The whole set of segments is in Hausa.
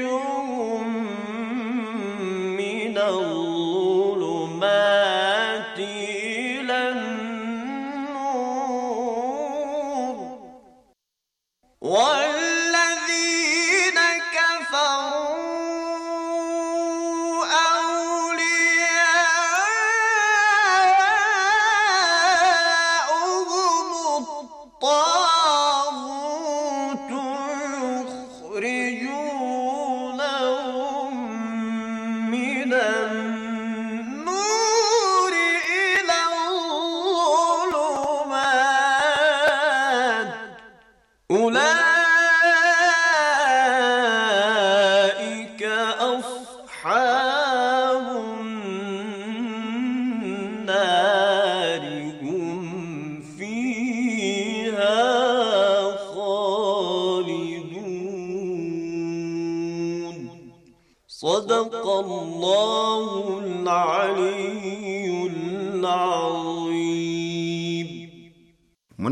you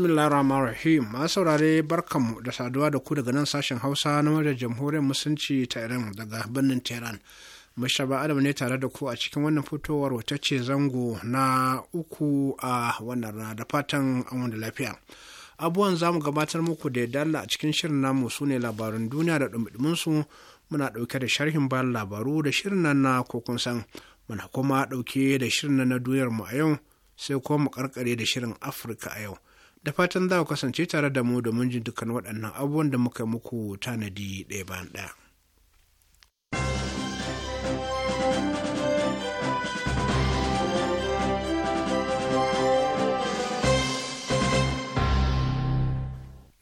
bismillah rahman rahim masu saurare barkanmu da saduwa da ku daga nan sashen hausa na wajen jamhuriyar musulunci ta iran daga birnin tehran mashaba adam ne tare da ku a cikin wannan fitowar ce zango na uku a wannan rana da fatan an da lafiya abubuwan zamu gabatar muku da dalla a cikin shirin namu su ne labarin duniya da ɗumɗumin su muna dauke da sharhin bayan labaru da shirin nan na kokun san muna kuma dauke da shirin nan na duniyar mu a yau sai kuma mu karkare da shirin afirka a yau da fatan za ku kasance tare da mu domin jin dukkan waɗannan abubuwan da muka muku tanadi ɗaya bayan ɗaya.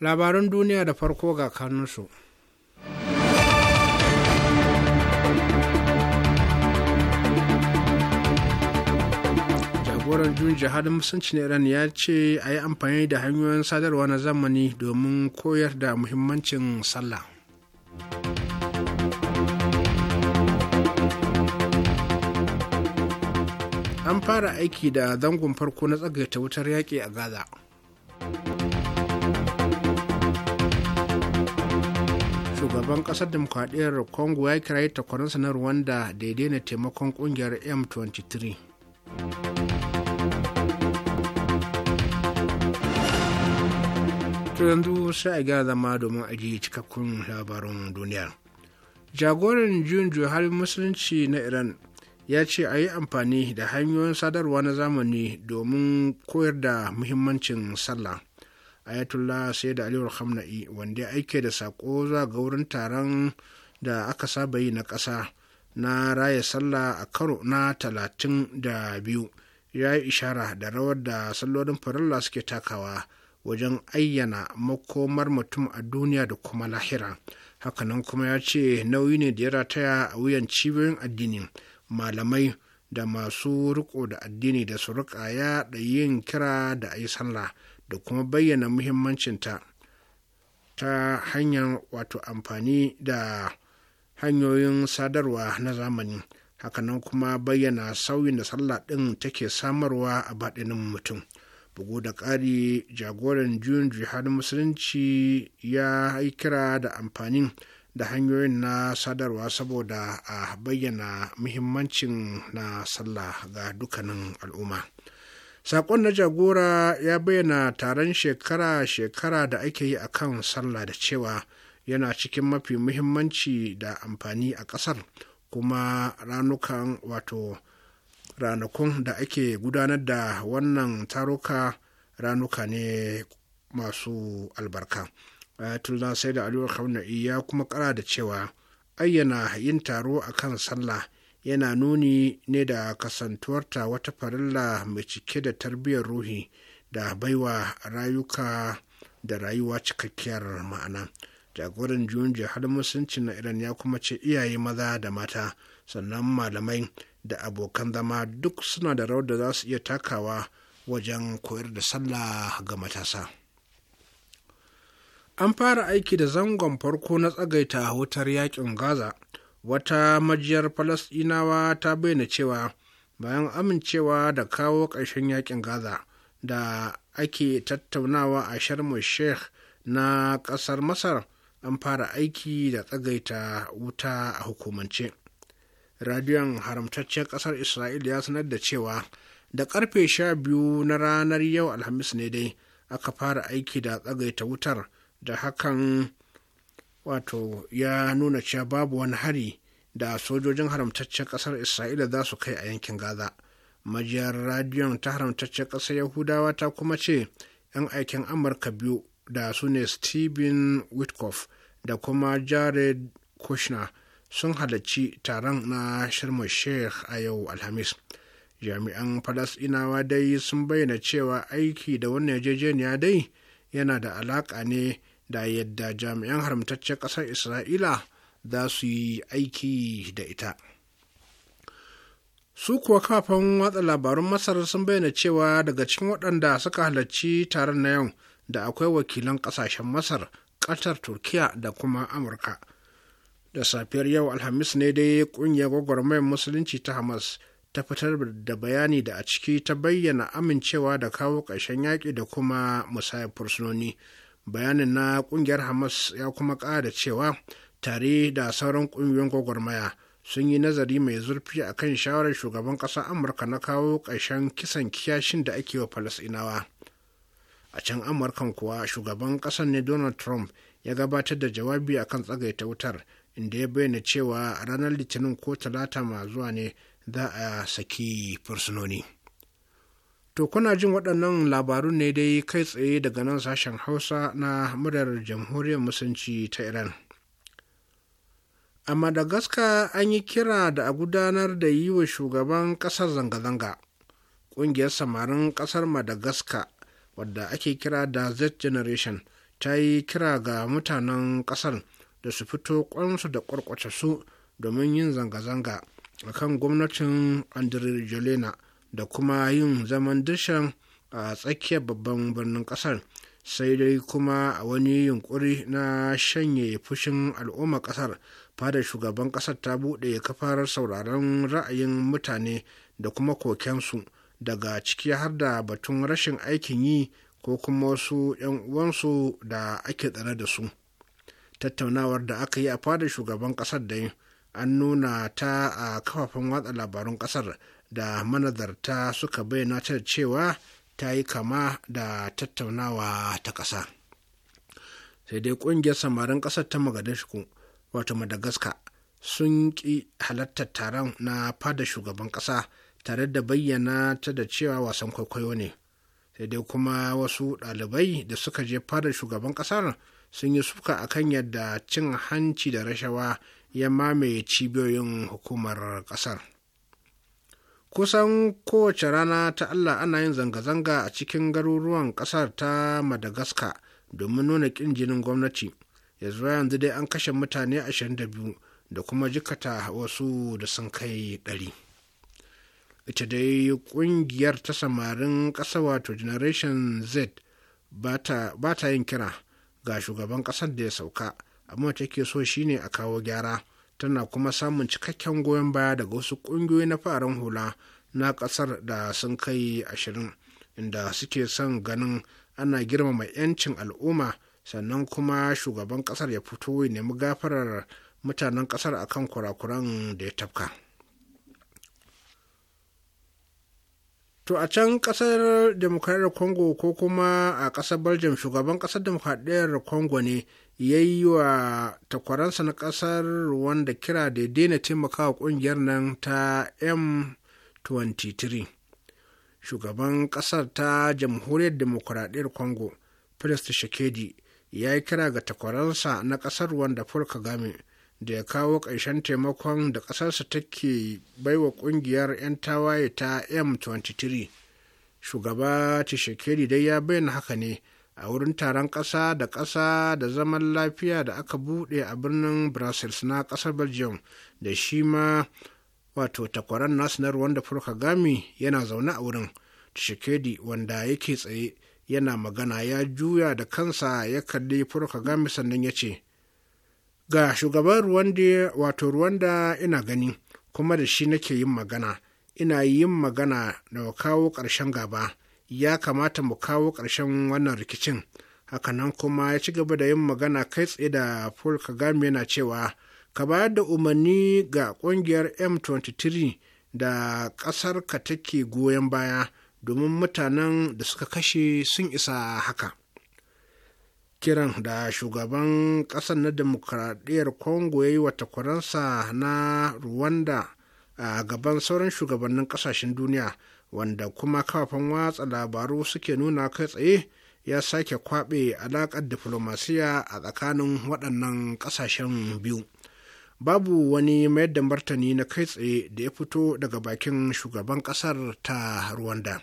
Labaran duniya da farko ga kanunsu. jagoran juyin jihadin musulunci na iran ya ce a yi amfani da hanyoyin sadarwa na zamani domin koyar da muhimmancin sallah an fara aiki da zangon farko na tsagaita wutar yaƙi a gaza shugaban kasar demokradiyyar congo ya kirayi takwarinsa na rwanda daidai na taimakon ƙungiyar m23 to yanzu sai a gyara zama domin ajiye cikakkun labarin duniya jagoran juyin halin musulunci na iran ya ce a yi amfani da hanyoyin sadarwa na zamani domin koyar da muhimmancin sallah ayatollah sai da aliyu khamna'i wanda ya aike da sako zuwa ga wurin taron da aka saba yi na ƙasa na raya sallah a karo na talatin da biyu ya yi ishara da rawar da sallolin farilla suke takawa wajen ayyana makomar mutum a duniya da kuma lahira hakanan kuma ya ce nauyi ne da ya rataya a wuyan cibiyoyin addini malamai da masu riko da addini da su rika ya da yin kira da ayi sallah da kuma bayyana muhimmancinta ta hanyar wato amfani da hanyoyin sadarwa na zamani hakanan kuma bayyana sauyin da sallah ɗin take samarwa a baɗinin mutum bugu da ƙari jagoran juyin jihar musulunci ya yi kira da amfanin da hanyoyin na sadarwa saboda a bayyana muhimmancin na sallah ga dukkanin al'umma saƙon na jagora ya bayyana taron shekara-shekara da ake yi a kan sallah da cewa yana cikin mafi muhimmanci da amfani a ƙasar kuma ranukan wato ranakun da ake gudanar da wannan taruka ranuka ne masu albarka ayatollah sai da aliyu khamenei ya kuma kara da cewa ayyana yin taro a kan sallah yana nuni ne da kasantuwarta wata farilla mai cike da tarbiyyar ruhi da baiwa rayuka da rayuwa cikakkiyar ma'ana jagoran juyin jihar musulunci na iran ya kuma ce iyaye maza da mata sannan malamai da abokan zama duk suna da rawar da za su iya takawa wajen koyar da sallah ga matasa an fara aiki da zangon farko na tsagaita wutar yakin gaza wata majiyar falasɗinawa ta bayyana cewa bayan amincewa da kawo ƙarshen yakin gaza da ake tattaunawa a sharm sheikh na ƙasar masar an fara aiki da tsagaita wuta a hukumance radiyon haramtaccen Kasar isra'ila ya sanar da cewa da karfe sha biyu na ranar yau alhamis ne dai aka fara aiki da tsagaita wutar da hakan wato ya nuna cewa babu wani hari da sojojin haramtaccen Kasar isra'ila za su kai a yankin gaza majiyar radiyon ta haramtaccen Kasar yahudawa ta kuma ce 'yan aikin amurka biyu da su ne steven witkoff da kuma jared kushner sun halarci taron na sharma sheikh a yau alhamis jami'an falasɗinawa dai sun bayyana cewa aiki da wannan yarjejeniya dai yana da alaƙa ne da yadda jami'an haramtaccen ƙasar isra'ila za su yi aiki da ita su kuwa kafin watsa labarun masar sun bayyana cewa daga cikin waɗanda suka halarci taron na yau da akwai wakilan ƙasashen masar ƙatar turkiya da kuma amurka da safiyar yau alhamis ne dai kungiyar gwagwarmayar musulunci ta hamas ta fitar da bayani da a ciki ta bayyana amincewa da kawo ƙarshen yaƙi da kuma musayar fursunoni bayanin na ƙungiyar hamas ya kuma ƙara cewa tare da sauran kungiyoyin gwagwarmaya sun yi nazari mai zurfi a kan shawarar shugaban ƙasar amurka na kawo ƙarshen kisan kiyashin da ake wa falasinawa a can amurkan kuwa shugaban ƙasar ne donald trump ya gabatar da jawabi akan tsagaita wutar inda ya bayyana cewa ranar litinin ko talata ma zuwa ne za a saki fursunoni to kuna jin waɗannan labarun ne dai kai tsaye daga nan sashen hausa na murar jamhuriyar musulunci ta iran a madagascar an yi kira da a gudanar da yi wa shugaban ƙasar zanga-zanga ƙungiyar samarin ƙasar madagascar wadda ake kira da z generation ta yi kira ga mutanen ƙasar da su fito kwansu da kwarkwace su domin yin zanga-zanga a kan gwamnatin jolena da kuma yin zaman dishan a tsakiyar babban birnin kasar sai dai kuma a wani yunkuri na shanye fushin al'umma kasar fada shugaban kasar ta buɗe kafar sauraron ra'ayin mutane da kuma kokensu daga ciki har da batun rashin aikin yi ko kuma wasu 'yan uwansu da ake tsare da su tattaunawar da aka yi a fadar shugaban ƙasar da an nuna ta a kafafen watsa labarun ƙasar da manazarta suka bayyana ta cewa ta yi kama da tattaunawa ta ƙasa sai dai ƙungiyar samarin ƙasar ta magadashku wato madagascar sun ƙi halartar taron na fada shugaban ƙasa tare da bayyana ta da cewa wasan kwaikwayo ne sai dai kuma wasu ɗalibai da suka je fadar shugaban ƙasar sun yi suka a kan yadda cin hanci da rashawa ya mamaye cibiyoyin hukumar kasar kusan kowace rana ta allah ana yin zanga-zanga a cikin garuruwan kasar ta madagascar domin nuna ƙin jinin gwamnati ya zuwa yanzu dai an kashe mutane 22 da kuma jikata wasu da sun kai 100 ita dai ƙungiyar ta samarin ƙasa wato generation z ba ta yin kira ga shugaban ƙasar da ya sauka amma take so shine a kawo gyara tana kuma samun cikakken goyon baya daga wasu ƙungiyoyi na farin hula na ƙasar da sun kai ashirin inda suke son ganin ana girmama 'yancin al'umma sannan kuma shugaban ƙasar ya fito ya nemi gafarar mutanen ƙasar akan kurakuran da ya tafka. to a can kasar demokradiyyar congo ko kuma a ƙasar belgium shugaban ƙasar demokradiyyar congo ne ya yi wa takwaransa na kasar wanda kira da daina taimakawa ƙungiyar nan ta m23 shugaban ƙasar ta jamhuriyar demokradiyyar congo Prince shekedi ya yi kira ga takwaransa na ƙasar wanda Paul Kagame da ya kawo ƙarshen taimakon da ƙasarsa take baiwa ƙungiyar 'yan tawaye ta m23 shugaba tshisekedi dai ya bayyana haka ne a wurin taron ƙasa da ƙasa da zaman lafiya da aka buɗe a birnin brussels na ƙasar belgium da shi ma wato takwaran nasu na rwanda paul yana zaune a wurin tshisekedi wanda yake tsaye yana magana ya juya da kansa ya kalli paul sannan ya ce ga shugaban Rwanda wato Rwanda ina gani kuma da shi nake yin magana ina yin magana da kawo ƙarshen gaba ya kamata mu kawo ƙarshen wannan rikicin hakanan kuma ya ci gaba da yin magana kai tsaye da Paul Kagame yana cewa ka bayar da umarni ga ƙungiyar M23 da ƙasarka take goyon baya domin mutanen da suka kashe sun isa haka. kiran da shugaban ƙasar na demokuraɗiyar congo ya yi wa takwaransa na rwanda a gaban sauran shugabannin ƙasashen duniya wanda kuma kafafen watsa labaru suke nuna kai tsaye ya sake kwaɓe alaƙar diflomasiya a tsakanin waɗannan ƙasashen biyu babu wani mayar da martani na kai tsaye da ya fito daga bakin shugaban ƙasar ta rwanda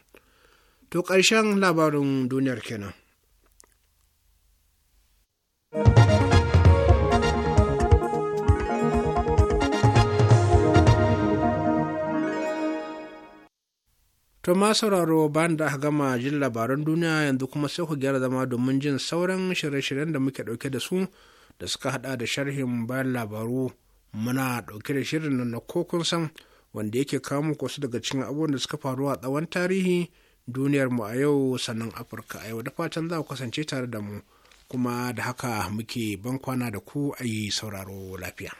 to ƙarshen labarin duniyar kenan. To ma sauraro bayan da aka gama jin labaran duniya yanzu kuma sai ku gyara zama domin jin sauran shirye-shiryen da muke ɗauke da su da suka hada da sharhin bayan labaru muna ɗauke da shirin nan na kun san wanda yake kawo muku wasu daga cikin abubuwan da suka faru a tsawon tarihi duniyar mu a yau sannan Afirka a yau da fatan za ku kasance tare da mu. kuma da haka muke ban kwana da ku a yi sauraro lafiya.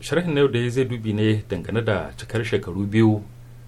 sharhin na yau da zai dubi ne dangane da cikar shekaru biyu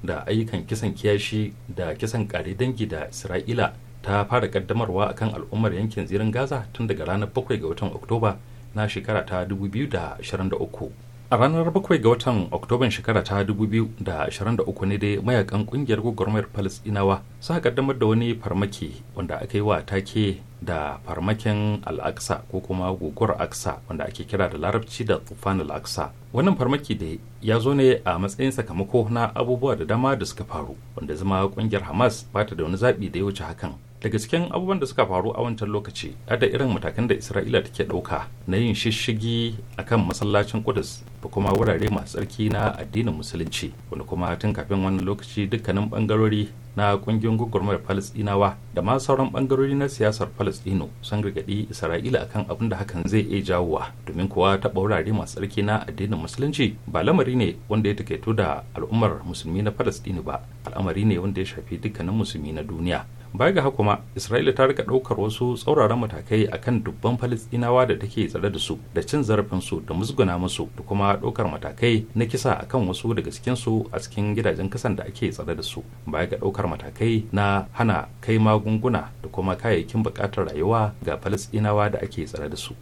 da ayyukan kisan kiyashi da kisan kare dangi da isra'ila ta fara kaddamarwa akan al'ummar yankin zirin gaza tun daga ranar 7 ga watan oktoba na shekara ta 2023 a ranar bakwai ga watan oktoban shekara ta 2023 ne dai mayakan kungiyar gwagwarmayar palestinawa suka kaddamar da wani farmaki wanda aka yi wa take da farmakin al'aksa ko kuma guguwar aksa wanda ake kira da larabci da tufan al'aksa wannan farmaki da ya zo ne a matsayin sakamako na abubuwa da dama da suka faru wanda zama kungiyar hamas ba ta da wani zaɓi da ya wuce hakan daga cikin abubuwan da suka faru a wancan lokaci da irin matakan da isra'ila take ɗauka na yin shishigi a kan masallacin kudus da kuma wurare masu tsarki na addinin musulunci wani kuma tun kafin wannan lokaci dukkanin bangarori na kungiyoyin gwagwarmar falastinawa da ma sauran bangarori na siyasar falastino sun gargaɗi isra'ila akan abin da hakan zai iya jawowa domin kuwa taɓa wurare masu tsarki na addinin musulunci ba lamari ne wanda ya takaito da al'ummar musulmi na Falasɗini ba al'amari ne wanda ya shafi dukkanin musulmi na duniya baya ga kuma isra'ila ta rika daukar wasu tsauraran matakai akan dubban falistinawa da take tsare da su da cin zarafin su da musguna musu da kuma daukar matakai na kisa akan wasu daga cikin su a cikin gidajen kasan da ake tsare da su baya ga daukar matakai na hana kai magunguna da kuma kayayyakin bukatar rayuwa ga falistinawa da ake tsare da su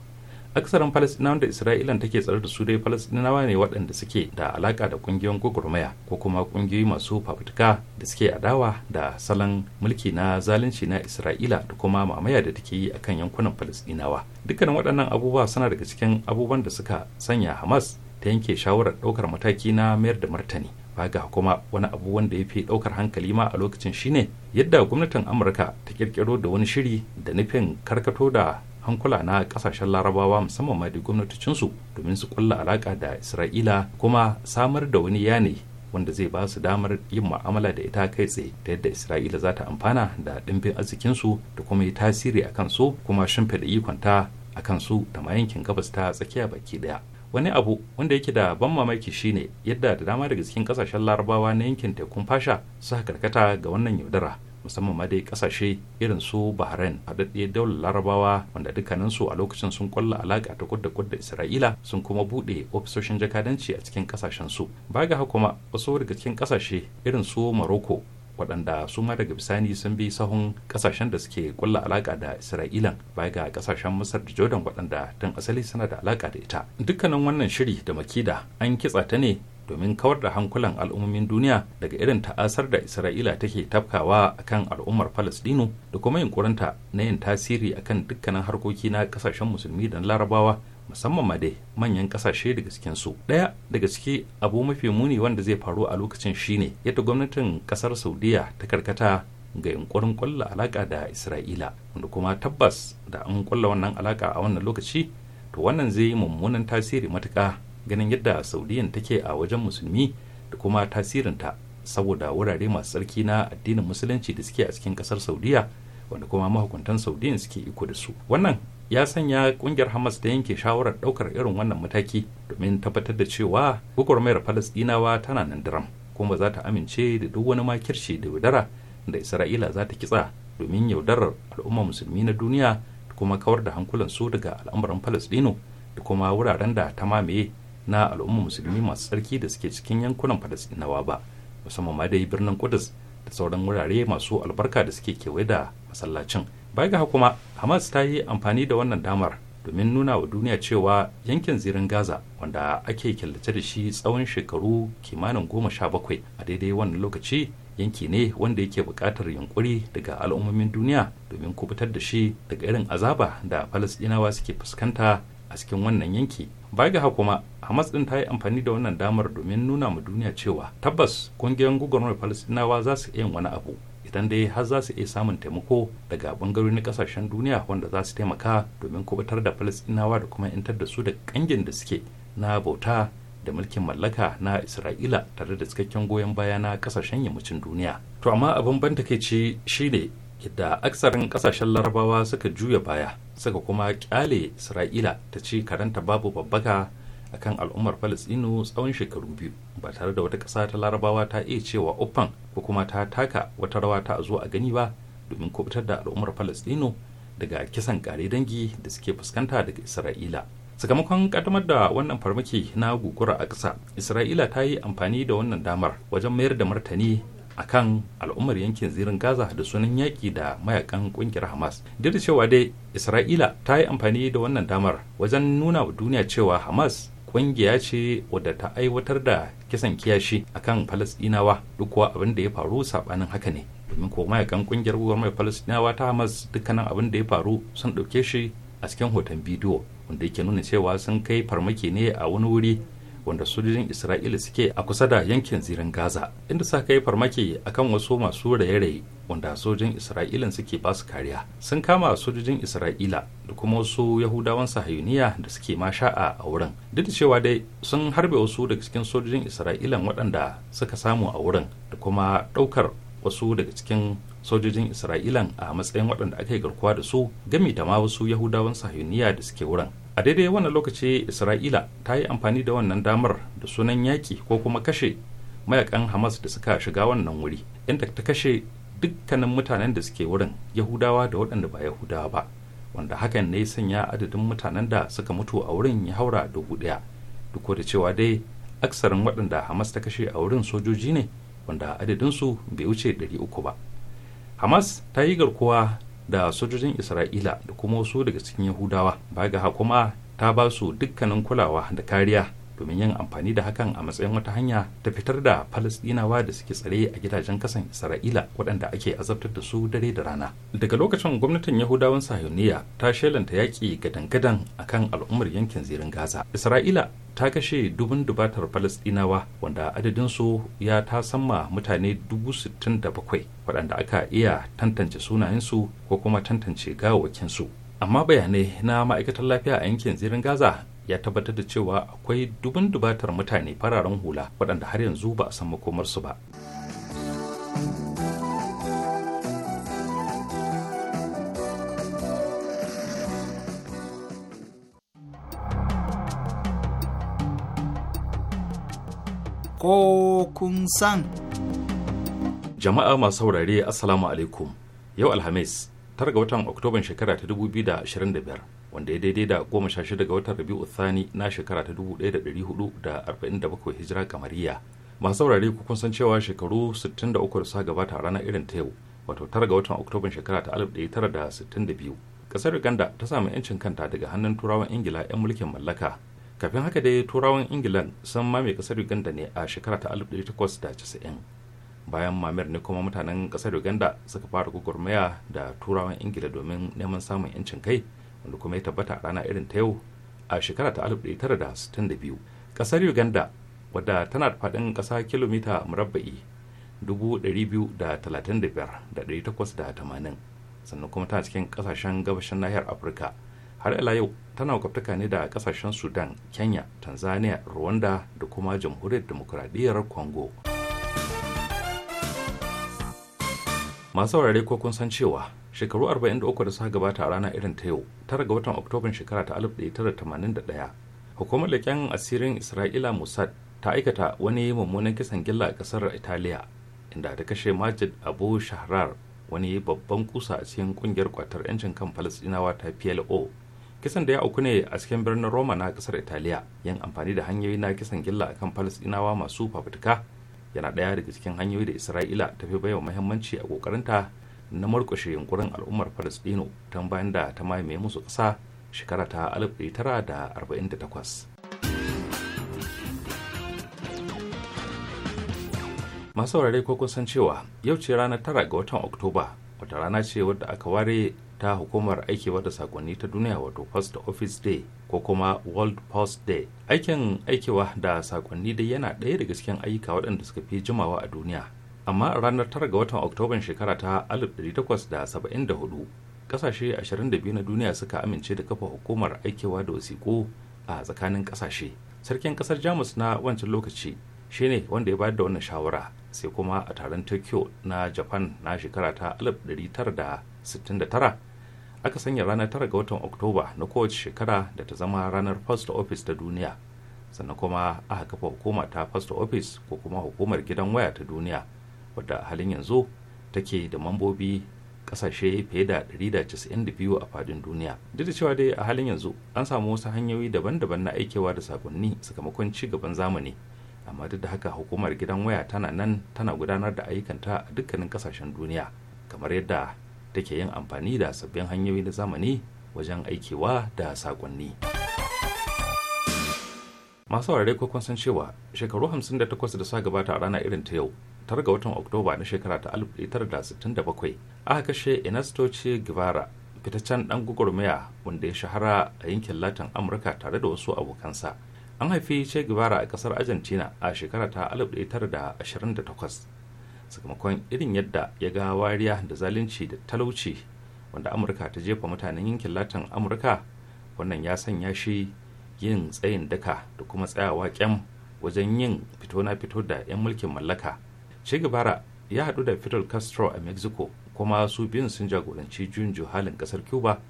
aksarin falasɗinawan da isra'ilan take tsare da su dai falasɗinawa ne waɗanda suke da alaka da ƙungiyoyin gwagwarmaya ko kuma ƙungiyoyi masu fafutuka da suke adawa da salon mulki na zalunci na isra'ila da kuma mamaya da take yi a kan yankunan palestinawa. dukkanin waɗannan abubuwa suna daga cikin abubuwan da suka sanya hamas ta yanke shawarar ɗaukar mataki na mayar da martani ga kuma wani abu wanda ya fi ɗaukar hankali ma a lokacin shine yadda gwamnatin amurka ta kirkiro da wani shiri da nufin karkato da kula na kasashen larabawa musamman ma da gwamnatocinsu domin su kulla alaka da isra'ila kuma samar da wani yane wanda zai ba su damar yin mu'amala da ita kai tsaye ta yadda isra'ila za ta amfana da ɗimbin arzikinsu da kuma yi tasiri a kansu kuma shimfiɗa ikonta a kansu da ma yankin gabas ta tsakiya baki ɗaya wani abu wanda yake da ban mamaki shine yadda da dama daga cikin kasashen larabawa na yankin tekun fasha suka karkata ga wannan yaudara musamman ma dai kasashe irin su bahrain haɗaɗɗe daular larabawa wanda su a lokacin sun kwalla alaka ta kudda kudda isra'ila sun kuma buɗe ofisoshin jakadanci a cikin kasashen su ga haka kuma wasu daga cikin kasashe irin su morocco waɗanda su ma daga bisani sun bi sahun kasashen da suke kulla alaka da isra'ilan ba ga kasashen masar da jordan waɗanda tun asali suna da alaka da ita dukkanin wannan shiri da makida an kitsa ta ne domin kawar da hankulan al'ummomin duniya daga irin ta'asar da isra'ila take tafkawa akan al'ummar falastinu da kuma yunkurinta na yin tasiri akan dukkanin harkoki na kasashen musulmi da larabawa musamman ma dai manyan kasashe daga cikin su daya daga ciki abu mafi muni wanda zai faru a lokacin shine yadda gwamnatin kasar saudiya ta karkata ga yunkurin kwalla alaka da isra'ila wanda kuma tabbas da an ƙwalla wannan alaka a wannan lokaci to wannan zai yi mummunan tasiri matuka ganin yadda saudiyan take a wajen musulmi da kuma tasirinta saboda wurare masu tsarki na addinin musulunci da suke a cikin kasar saudiya wanda kuma mahukuntan saudiyan suke iko da su wannan ya sanya kungiyar hamas da yanke shawarar daukar irin wannan mataki domin tabbatar da cewa gwagwarmayar falasdinawa tana nan diram kuma za ta amince da duk wani makirci da yaudara da isra'ila za ta kitsa domin yaudarar al'umma musulmi na duniya da kuma kawar da hankulansu daga al'amuran falasdino da kuma wuraren da ta mamaye na al'ummar musulmi masu tsarki da suke cikin yankunan falasɗinawa ba musamman ma dai birnin kudus da sauran wurare masu albarka da suke kewaye da masallacin baya ga kuma hamas ta yi amfani da wannan damar domin nuna wa duniya cewa yankin zirin gaza wanda ake killace da shi tsawon shekaru kimanin goma sha bakwai a daidai wannan lokaci yanki ne wanda yake buƙatar yunƙuri daga al'ummomin duniya domin kubutar da shi daga irin azaba da falasɗinawa suke fuskanta a cikin wannan yanki bai ga kuma hamas din ta yi amfani da wannan damar domin nuna ma duniya cewa tabbas kungiyar gugurmar falastinawa za su iya yin wani abu idan dai har za su iya samun taimako daga bangarori na kasashen duniya wanda za su taimaka domin kubutar da falastinawa da kuma yantar da su da kangin da suke na bauta da mulkin mallaka na isra'ila tare da cikakken goyon baya na kasashen yammacin duniya to amma abin ban takaici shine yadda aksarin kasashen larabawa suka juya baya suka kuma kyale isra'ila ta ci karanta babu babbaka akan al'ummar falastinu tsawon shekaru biyu ba tare da wata ƙasa ta larabawa ta iya cewa uffan ko kuma ta taka wata rawa ta zo a gani ba domin kubutar da al'ummar falastinu daga kisan kare dangi da suke fuskanta daga isra'ila sakamakon kaddamar da wannan farmaki na gugura a ƙasa isra'ila ta yi amfani da wannan damar wajen mayar da martani a kan al'ummar yankin zirin gaza da sunan yaƙi da mayakan ƙungiyar hamas duk da cewa dai isra'ila ta yi amfani da wannan damar wajen nuna wa duniya cewa hamas ƙungiya ce wadda ta aiwatar da kisan kiyashi kan falasɗinawa duk kuwa abin da ya faru saɓanin haka ne domin ko mayakan ƙungiyar mai falasɗinawa ta hamas dukkanin abin da ya faru sun ɗauke shi a cikin hoton bidiyo wanda yake nuna cewa sun kai farmaki ne a wani wuri wanda sojojin isra'ila suke a kusa da yankin zirin gaza inda sa kai farmaki akan wasu masu raye-raye wanda sojojin isra'ila suke ba su kariya sun kama sojojin isra'ila da kuma wasu yahudawan sahayuniya da suke sha'a a wurin duk da cewa dai sun harbe wasu daga cikin sojojin isra'ilan waɗanda suka samu a wurin da kuma ɗaukar wasu daga cikin sojojin isra'ilan a matsayin waɗanda aka yi garkuwa da su gami da ma wasu yahudawan sahayuniya da suke wurin a daidai wannan lokaci isra'ila ta yi amfani da wannan damar da sunan yaƙi ko kuma kashe mayakan hamas da suka shiga wannan wuri inda ta kashe dukkanin mutanen da suke wurin yahudawa da waɗanda ba yahudawa ba wanda hakan ne sanya adadin mutanen da suka mutu a wurin ya haura dubu ɗaya duk da cewa dai aksarin waɗanda hamas ta kashe a wurin sojoji ne wanda adadinsu bai wuce ɗari uku ba hamas ta yi garkuwa da sojojin isra'ila da kuma wasu daga cikin yahudawa ba ga kuma ta ba su dukkanin kulawa da kariya domin yin amfani da hakan a matsayin wata hanya ta fitar da falasdinawa da suke tsare a gidajen kasan isra'ila waɗanda ake azabtar da su dare da rana daga lokacin gwamnatin yahudawan sahiyoniya ta shelanta yaƙi gadan-gadan a kan al'ummar yankin zirin gaza isra'ila ta kashe dubun dubatar falasdinawa wanda adadinsu ya ta samma mutane dubu sittin da bakwai waɗanda aka iya tantance sunayensu ko kuma tantance gawakinsu amma bayanai na ma'aikatar lafiya a yankin zirin gaza ya tabbatar da cewa akwai dubin dubatar mutane fararen hula waɗanda har yanzu ba a san makomarsu ba. Ko kun san. Jama'a masu saurare Assalamu alaikum, yau Alhamis, tara ga watan Oktoban shekara ta 2025. wanda ya daidai da goma sha shida ga watan rabi'u thani na shekara ta dubu ɗaya da ɗari hudu da arba'in da bakwai hijira kamariya masu saurare ku kun san cewa shekaru sittin da uku da sa gabata a ranar irin ta yau wato tara ga watan oktoban shekara ta alif ɗaya tara da sittin da biyu ƙasar uganda ta samu 'yancin kanta daga hannun turawan ingila 'yan mulkin mallaka kafin haka dai turawan ingilan sun mame ƙasar uganda ne a shekara ta alif takwas da casa'in. bayan mamir ne kuma mutanen kasar uganda suka fara gwagwarmaya da turawan ingila domin neman samun yancin kai wanda kuma ya tabbata a rana irin ta yau a shekara ta 1962 kasar uganda wadda tana da faɗin ƙasa kilomita murabba'i 235,880 sannan kuma tana cikin ƙasashen gabashin nahiyar afirka har ila yau tana makwabtaka ne da ƙasashen sudan kenya tanzania rwanda da kuma jamhuriyar demokuraɗiyyar congo masu saurare ko kun san cewa shekaru 43 da suka gabata a rana irin ta yau tara ga watan oktoban shekara ta 1981 hukumar leƙen asirin isra'ila mossad ta aikata wani mummunan kisan gilla a kasar italiya inda ta kashe majid abu shahrar wani babban kusa a cikin kungiyar kwatar 'yancin kan falasɗinawa ta plo kisan da ya auku ne a cikin birnin roma na kasar italiya yin amfani da hanyoyi na kisan gilla a kan falasɗinawa masu fafutuka yana ɗaya daga cikin hanyoyi da isra'ila ta fi baiwa muhimmanci a ƙoƙarinta na murkushe yunkurin al'ummar palestino tun bayan da ta mai musu ƙasa shekara ta 1948 masu saurare ko kun san cewa yau ce ranar tara ga watan oktoba wata rana ce wadda aka ware ta hukumar aiki wadda sakonni ta duniya wato post office day ko kuma world post day aikin aikewa da sakonni dai yana ɗaya daga cikin ayyuka waɗanda suka fi jimawa a duniya amma a ranar tara ga watan oktoban shekara ta 1874 kasashe 22 na duniya suka amince da kafa hukumar aikewa da wasiƙo a tsakanin kasashe sarkin kasar jamus na wancan lokaci shine wanda ya bayar da wannan shawara sai kuma a taron tokyo na japan na shekara ta 1969 aka sanya ranar tara ga watan oktoba na kowace shekara da ta zama ranar post office ta duniya sannan kuma aka kafa hukuma ta post office ko kuma hukumar gidan waya ta duniya wadda halin yanzu take da mambobi kasashe fiye da 192 a fadin duniya duk da cewa dai a halin yanzu an samu wasu hanyoyi daban-daban na aikewa da sakonni sakamakon ci gaban zamani amma duk da haka hukumar gidan waya tana nan tana gudanar da ayyukanta a dukkanin kasashen duniya kamar yadda take yin amfani da sabbin hanyoyi na zamani wajen aikewa da sakonni masu ware kwakwan san cewa shekaru 58 da sa gabata a rana irin ta yau tare ga watan oktoba na shekara ta 1967 aka kashe ernesto che guevara fitaccen dan gwagwarmaya wanda ya shahara a yankin latin amurka tare da wasu abokansa an haifi che guevara a kasar argentina a shekara ta 1928 sakamakon irin yadda ya ga wariya da zalunci da talauci wanda amurka ta jefa mutanen yankin latin amurka wannan ya sanya shi yin tsayin daka da kuma tsayawa kyam wajen yin fito na fito da 'yan mulkin mallaka Che Guevara ya haɗu da Fidel Castro a Mexico kuma su biyun sun jagoranci juyin juhalin ƙasar Cuba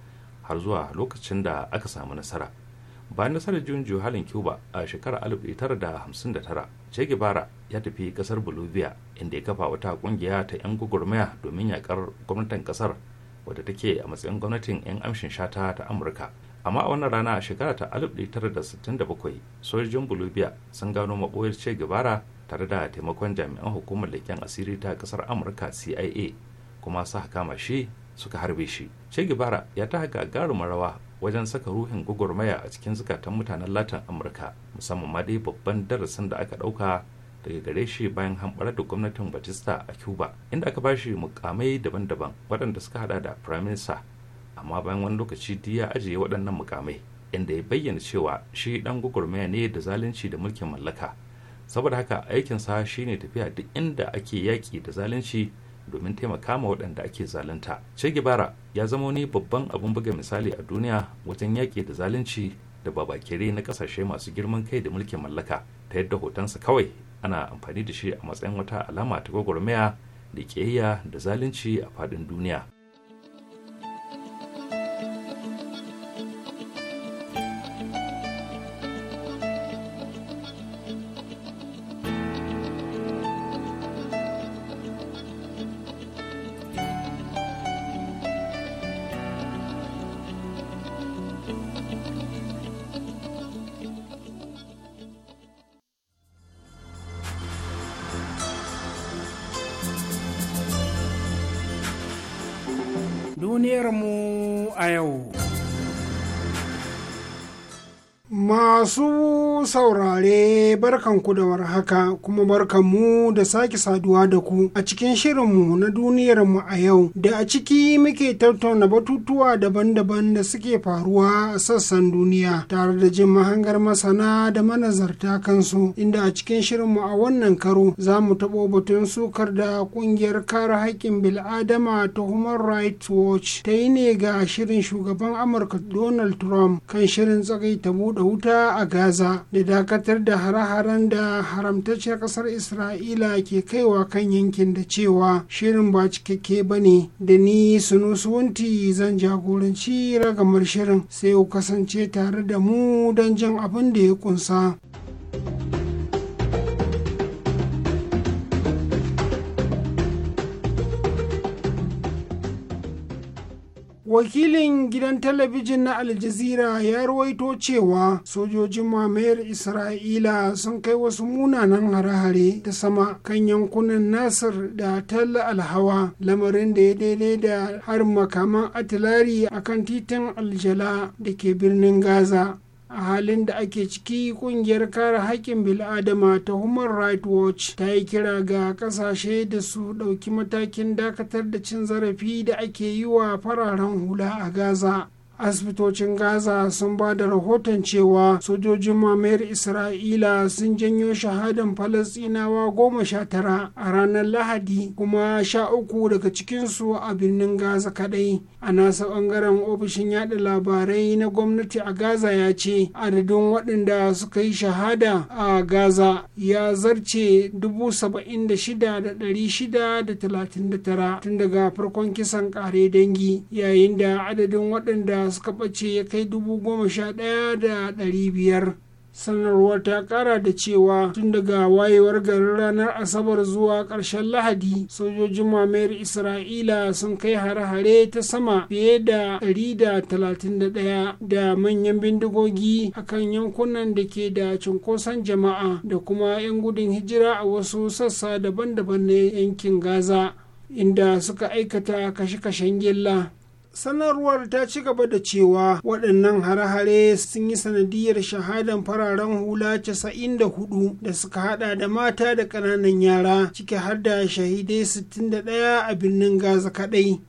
har zuwa lokacin da aka samu nasara. Bayan nasarar juyin halin Cuba a shekarar 1959, Che Guevara ya tafi ƙasar Bolivia inda ya kafa wata ƙungiya ta 'yan gwagwarmaya domin yaƙar gwamnatin ƙasar wadda take a matsayin gwamnatin 'yan amshin shata ta Amurka. amma a wannan rana a shekara ta 1967 sojojin bolivia sun gano maɓoyar che guevara tare da taimakon jami'an hukumar leƙen asiri ta ƙasar amurka cia kuma sa kama shi suka harbe shi che guevara ya ta gagarumar rawa wajen saka ruhin gwagwarmaya a cikin zukatan mutanen latin amurka musamman ma dai babban darasin da aka ɗauka daga gare shi bayan hamɓarar da gwamnatin batista a cuba inda aka ba shi mukamai daban-daban waɗanda suka hada da firaminista amma bayan wani lokaci duk ya ajiye waɗannan mukamai inda ya bayyana cewa shi ɗan gwagwarmaya ne da zalunci da mulkin mallaka saboda haka aikinsa shine tafiya duk inda ake yaƙi da zalunci domin taimaka ma waɗanda ake zalunta che guevara ya zama wani babban abin buga misali a duniya wajen yaƙi da zalunci da babakire na ƙasashe masu girman kai da mulkin mallaka ta yadda hotonsa kawai ana amfani da shi a matsayin wata alama ta gwagwarmaya da ƙiyayya da zalunci a faɗin duniya ku da warhaka kuma mu da sake saduwa da ku a cikin shirinmu na duniyarmu a yau da a ciki muke tattauna batutuwa daban-daban da suke faruwa a sassan duniya tare da jin mahangar masana da manazarta kansu inda a cikin shirinmu a wannan karo za mu taɓo batun sukar da ƙungiyar kare haƙƙin bil'adama ta human rights watch ta yi ne ga shirin shugaban amurka donald trump kan shirin tsagaita buɗe wuta a gaza da dakatar da hare hare da haramtacciyar ƙasar isra'ila ke kaiwa kan yankin da cewa shirin ba cikakke ba ne da ni sunusuwanti zan jagoranci ragamar shirin sai ku kasance tare da mu don jin abin da ya kunsa. wakilin gidan talabijin na aljazira ya ruwaito cewa sojojin mamayar isra'ila sun kai wasu munanan hare-hare ta sama kan yankunan nasir da tal alhawa lamarin da ya daidai da har makaman atilari akan titin aljala da ke birnin gaza a halin da ake ciki kungiyar kare haƙƙin bil'adama ta human rights watch ta yi kira ga ƙasashe da su ɗauki matakin dakatar da cin zarafi da ake yi wa fararen hula a gaza asibitocin gaza sun ba da rahoton cewa sojojin mamayar isra'ila sun janyo shahadan falasinawa goma sha tara a ranar lahadi kuma sha uku daga cikinsu a birnin gaza kadai a nasa bangaren ofishin yada labarai na gwamnati a gaza ya ce adadin waɗanda suka yi shahada a gaza ya zarce dubu saba'in da shida da ɗari shida da talatin da tara tun daga farkon kisan kare dangi yayin da adadin waɗanda da suka ɓace ya kai dubu goma sha ɗaya da ɗari biyar sanarwar ta kara da cewa tun daga wayewar garin ranar asabar zuwa ƙarshen lahadi sojojin mamayar isra'ila sun kai hare-hare ta sama fiye da 131 da manyan bindigogi a kan yankunan da ke da cunkoson jama'a da kuma 'yan gudun hijira a wasu sassa daban-daban na yankin gaza inda suka aikata kashe-kashen gilla sanarwar ta ci gaba da cewa waɗannan hare-hare sun yi sanadiyar shahadan fararen hula 94 da suka hada da mata da ƙananan yara ciki har da shahidai 61 a birnin gaza kaɗai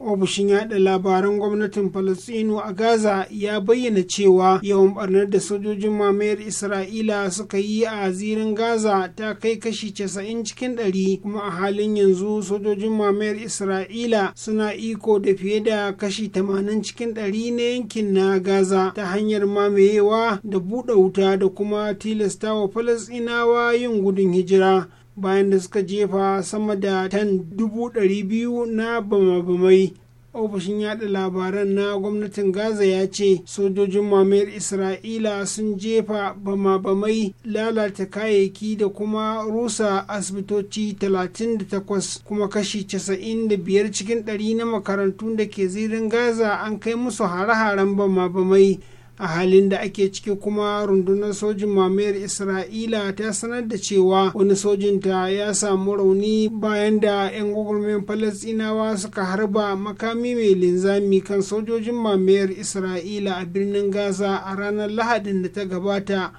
ofishin yaɗa labaran gwamnatin falasino a gaza ya bayyana cewa yawan barnar da sojojin mamayar isra'ila suka yi a zirin gaza ta kai kashi 90 cikin 100 kuma a halin yanzu sojojin mamayar isra'ila suna iko da fiye da kashi 80 cikin 100 na yankin na gaza ta hanyar mamayewa da buɗe wuta da kuma tilastawa falasinawa yin gudun hijira bayan da suka jefa sama da tan dubu ɗari biyu na bama-bamai ofishin yada labaran na gwamnatin gaza ya ce sojojin mamayar isra'ila sun jefa bama-bamai lalata kayayyaki da kuma rusa asibitoci 38 kuma kashi 95 cikin 100 na makarantun da ke zirin gaza an kai musu hare-haren bama-bamai a halin da ake ciki kuma rundunar sojin mamayar isra'ila ta sanar da cewa wani sojinta ya samu rauni bayan da 'yan gwagwarmayar falastinawa suka harba makami mai linzami kan sojojin mamayar isra'ila a birnin gaza a ranar lahadin da ta gabata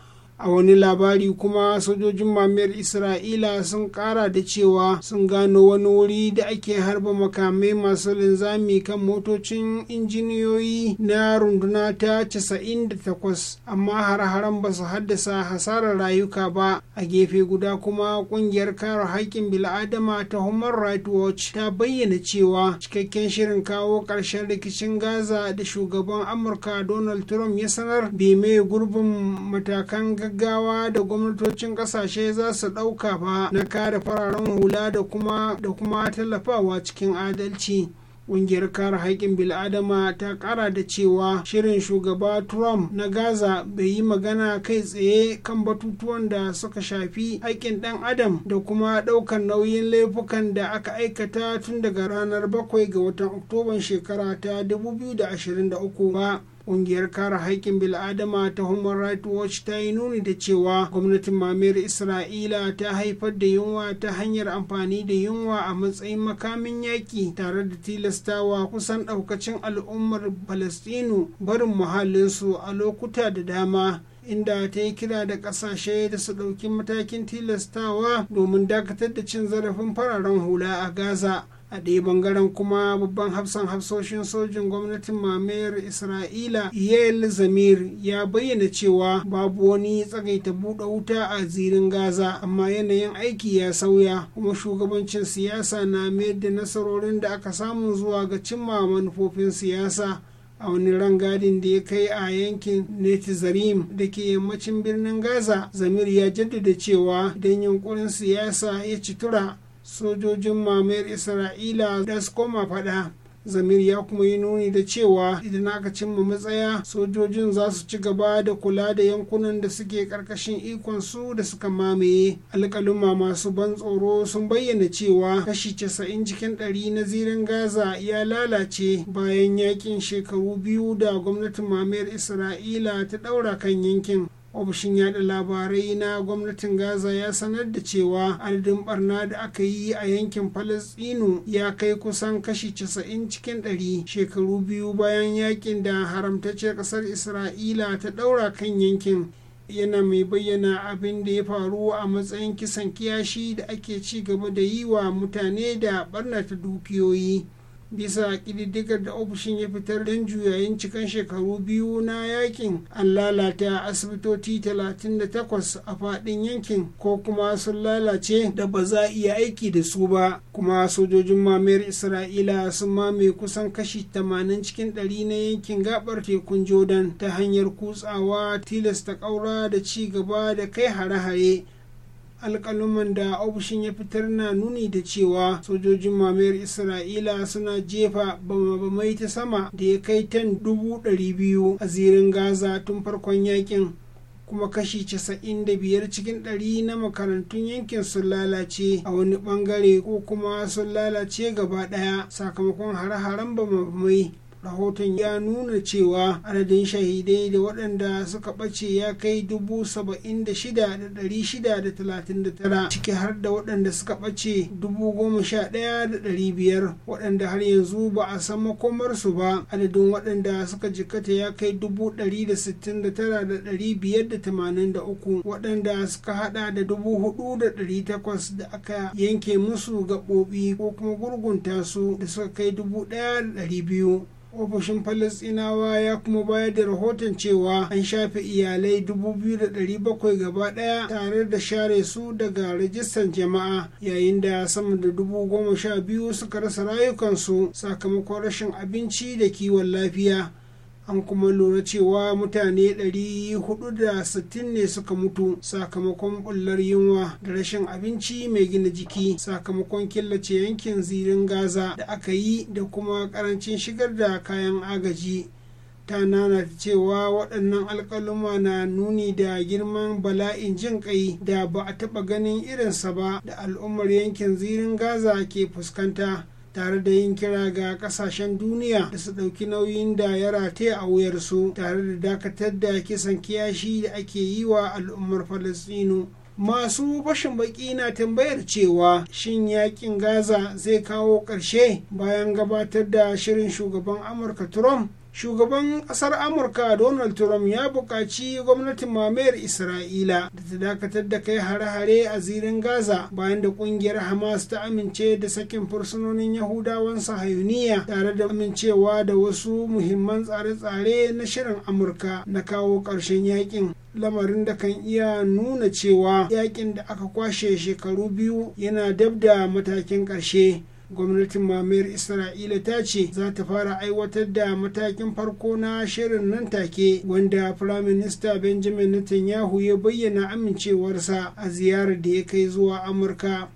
a wani labari kuma sojojin mamiyar isra'ila sun kara da cewa sun gano wani wuri da ake harba makamai masu linzami kan motocin injiniyoyi na runduna ta 98 amma har-haren ba su haddasa hasarar rayuka ba a gefe guda kuma kungiyar kare haƙƙin bil'adama ta human rights watch ta bayyana cewa cikakken shirin kawo ƙarshen rikicin gaza da shugaban amurka donald trump ya sanar bai mai gurbin matakan gaggawa da gwamnatocin kasashe za su ɗauka ba na kare fararen hula da kuma da kuma tallafawa cikin adalci Ƙungiyar kare haƙƙin bil'adama ta ƙara da cewa shirin shugaba Trump na Gaza bai yi magana kai tsaye kan batutuwan da suka shafi haƙƙin ɗan adam da kuma ɗaukar nauyin laifukan da aka aikata tun daga ranar 7 ga watan Oktoban shekara ta 2023 ba. Ƙungiyar kare haƙƙin bil'adama ta human rights watch ta yi nuni da cewa gwamnatin mamayar isra'ila ta haifar da yunwa ta hanyar amfani da yunwa a matsayin makamin yaƙi tare da tilastawa kusan ɗaukacin al'ummar Falastinu barin muhallinsu a lokuta da dama inda ta yi kira da ƙasashe da su ɗauki matakin tilastawa domin dakatar da cin zarafin fararen hula a gaza a ɗaya bangaren kuma babban hafsan hafsoshin sojin gwamnatin mamayar isra'ila yael zamir ya bayyana cewa babu wani tsagaita buɗe wuta a zirin gaza amma yanayin aiki ya sauya kuma shugabancin siyasa na mayar da nasarorin da aka samu zuwa ga cimma manufofin siyasa a wani rangadin da ya kai a yankin netizarim da ke yammacin birnin gaza zamir ya jaddada cewa don yunkurin siyasa ya ci tura. sojojin mamayar isra'ila da su koma faɗa. zamir ya kuma yi nuni da cewa idan aka cimma matsaya sojojin za su ci gaba da kula da yankunan da suke karkashin ikon su da suka mamaye alkaluma masu ban tsoro sun bayyana cewa kashi casa'in cikin ɗari na zirin gaza ya lalace bayan yakin shekaru biyu da gwamnatin mamayar isra'ila ta ɗaura kan yankin ofishin yada labarai na gwamnatin gaza ya sanar da cewa adadin barna da aka yi a yankin Falasɗinu ya kai kusan kashi 90 cikin 100 shekaru biyu bayan yakin da haramtacciyar kasar isra'ila ta daura kan yankin yana mai bayyana abin da ya faru a matsayin kisan kiyashi da ake ci gaba da yi wa mutane da ta dukiyoyi bisa ƙididdigar da ofishin ya fitar don juyayin cikin shekaru biyu na yakin an lalata asibitoci 38 a faɗin yankin ko kuma sun lalace da ba za iya aiki da su ba kuma sojojin mamayar isra'ila sun mame kusan kashi 80 cikin 100 na yankin gabar tekun jordan ta hanyar kutsawa tilasta ƙaura da ci gaba da kai hare-hare alkaluman da ofishin ya fitar na nuni da cewa sojojin mamayar isra'ila suna jefa bamabamai ta sama da ya kai tan dubu ɗari biyu a zirin gaza tun farkon yakin kuma kashi casa'in da biyar cikin ɗari na makarantun yankin sun lalace a wani ɓangare ko kuma sun lalace gaba ɗaya sakamakon hare-haren bamabamai rahoton ya nuna cewa adadin shahidai da waɗanda suka ɓace ya kai dubu saba'in da shida da ɗari shida da talatin da tara ciki har da waɗanda suka ɓace dubu goma sha ɗaya da ɗari biyar waɗanda har yanzu ba a san makomarsu ba adadin waɗanda suka jikkata ya kai dubu ɗari da sittin da tara da ɗari biyar da tamanin da uku waɗanda suka haɗa da dubu hudu da ɗari takwas da aka yanke musu gaɓoɓi ko kuma gurgunta su da suka kai dubu ɗaya da ɗari biyu ofishin falasinawa ya kuma bayar da rahoton cewa an shafe iyalai 2,700 gaba daya tare da share su daga rajistan jama'a yayin da sama da biyu suka rasa rayukansu sakamakon rashin abinci da kiwon lafiya an kuma lura cewa mutane 460 ne suka mutu sakamakon bullar yunwa da rashin abinci mai gina jiki sakamakon killace yankin zirin gaza da aka yi da kuma karancin shigar da kayan agaji ta nana cewa waɗannan alƙaluma na nuni da girman bala'in jin ƙai da ba a taɓa ganin irinsa ba da al'ummar yankin zirin gaza ke fuskanta tare da yin kira ga kasashen duniya da su ɗauki nauyin da ya rataya a wuyar su tare da dakatar da kisan kiyashi da ake yi wa al'ummar falastinu masu bashin baki na tambayar cewa shin yakin gaza zai kawo ƙarshe bayan gabatar da shirin shugaban amurka trump shugaban kasar amurka donald trump ya buƙaci gwamnatin mamayar isra'ila da ta dakatar da kai hare-hare a zirin gaza bayan da ƙungiyar hamas ta amince da sakin fursunonin yahudawan sahayuniya tare da amincewa da wasu muhimman tsare-tsare na shirin amurka na kawo ƙarshen yakin lamarin da kan iya nuna cewa yakin da aka kwashe shekaru biyu yana dab da matakin ƙarshe gwamnatin mamayar isra'ila ta ce za ta fara aiwatar da matakin farko na shirin nan take wanda firaminista benjamin netanyahu ya bayyana amincewarsa a ziyarar da ya kai zuwa amurka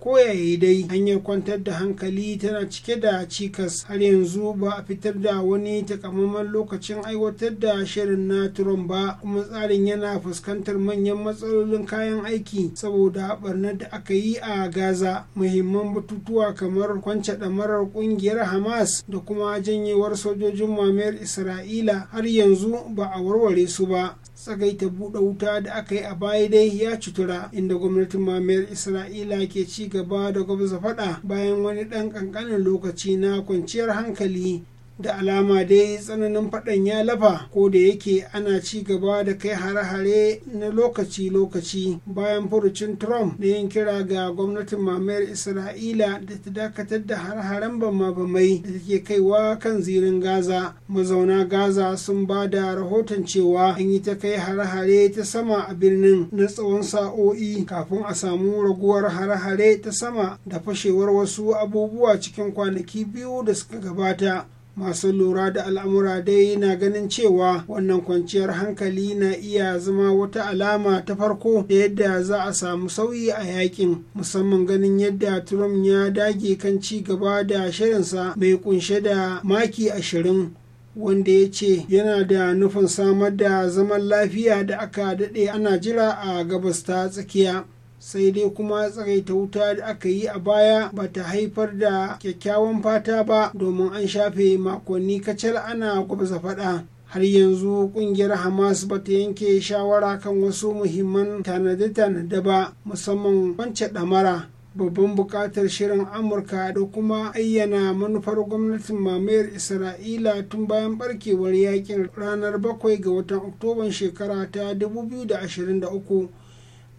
koyaye dai hanyar kwantar da hankali tana cike da cikas har yanzu ba a fitar da wani takamaiman lokacin aiwatar da shirin na trump ba kuma tsarin yana fuskantar manyan matsalolin kayan aiki saboda barnar da aka yi a gaza muhimman batutuwa kamar kwance ɗamarar ƙungiyar hamas da kuma janyewar sojojin mamayar isra'ila har yanzu ba a warware su ba tsagaita buɗe wuta da aka yi a baya dai ya cutura inda gwamnatin mamayar isra'ila ke ci gaba da gwamnati faɗa bayan wani ɗan ƙanƙanin lokaci na kwanciyar hankali da alama dai tsananin faɗan ya lafa ko da yake ana ci gaba da kai hare-hare na lokaci-lokaci bayan furucin trump da yin kira ga gwamnatin mamayar isra'ila da ta dakatar da hare-haren bama-bamai da take kaiwa kan zirin gaza mazauna gaza sun ba da rahoton cewa an yi ta kai hare-hare ta sama a birnin na tsawon sa'o'i kafin a samu raguwar hare-hare ta sama da fashewar wasu abubuwa cikin kwanaki biyu da suka gabata masu lura da al'amura dai na ganin cewa wannan kwanciyar hankali na iya zama wata alama ta farko da yadda za a samu sauyi a yakin musamman ganin yadda trump ya dage kan ci gaba da shirinsa mai kunshe da maki ashirin wanda ya ce yana da nufin samar da zaman lafiya da aka daɗe ana jira a gabas ta tsakiya sai dai kuma tsagaita wuta da aka yi a baya ba ta haifar da kyakkyawan fata ba domin an shafe makonni kacal ana gwabza faɗa har yanzu kungiyar hamas ba ta yanke shawara kan wasu muhimman tanade-tanade ba musamman kwance ɗamara babban buƙatar shirin amurka da kuma ayyana manufar gwamnatin mamayar isra'ila tun bayan barkewar yakin ranar bakwai ga watan oktoban shekara ta 2023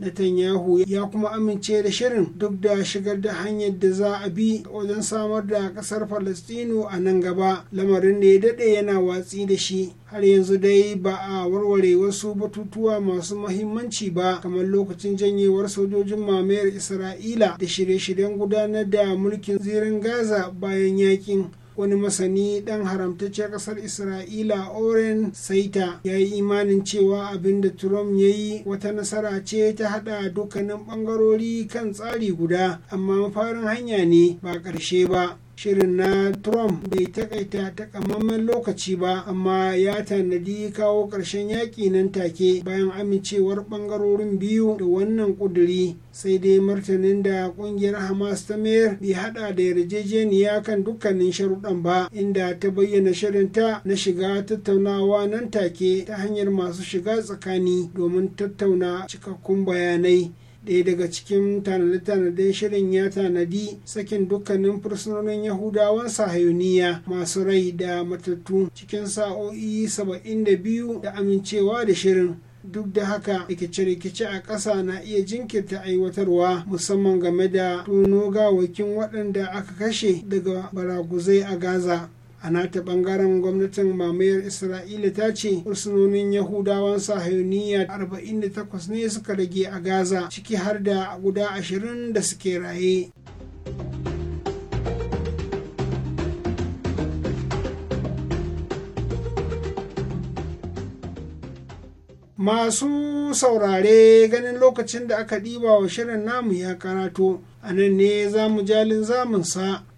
Netanyahu ya kuma amince da shirin duk da shigar da hanyar da za a bi wajen samar da kasar Falastinu a nan gaba lamarin ne ya daɗe yana watsi da shi har yanzu dai ba a warware wasu batutuwa masu mahimmanci ba kamar lokacin janyewar sojojin mamayar Isra'ila da shirye-shiryen gudanar da mulkin zirin Gaza bayan yakin wani masani dan haramtacciyar kasar isra'ila oren saita ya yi imanin cewa abin da trump ya yi wata nasara ce ta hada dukkanin bangarori kan tsari guda amma mafarin hanya ne ba ƙarshe ba shirin na trump bai takaita takamaiman lokaci ba amma ya tanadi kawo ƙarshen yaƙi nan take bayan amincewar ɓangarorin biyu da wannan ƙuduri sai dai martanin da ƙungiyar hamas ta mayar bai hada da yarjejeniya kan dukkanin sharuɗan ba inda ta bayyana shirinta na shiga tattaunawa nan take ta hanyar masu shiga tsakani domin tattauna cikakkun bayanai daya daga cikin tanade tanade shirin ya tanadi sakin dukkanin fursunonin yahudawan sahayuniya masu rai da matattu cikin sa'o'i 72 da amincewa da shirin duk da haka rikice-rikice a ƙasa na iya jinkirta aiwatarwa musamman game da tono gawakin waɗanda aka kashe daga baraguzai a gaza a nata bangaren gwamnatin mamayar isra'ila ta ce fursunonin yahudawan sahuniya 48 ne suka rage a gaza ciki har da guda 20 da suke raye masu saurare ganin lokacin da aka ɗiba wa shirin namu ya karato a nan ne zamu jalin zamunsa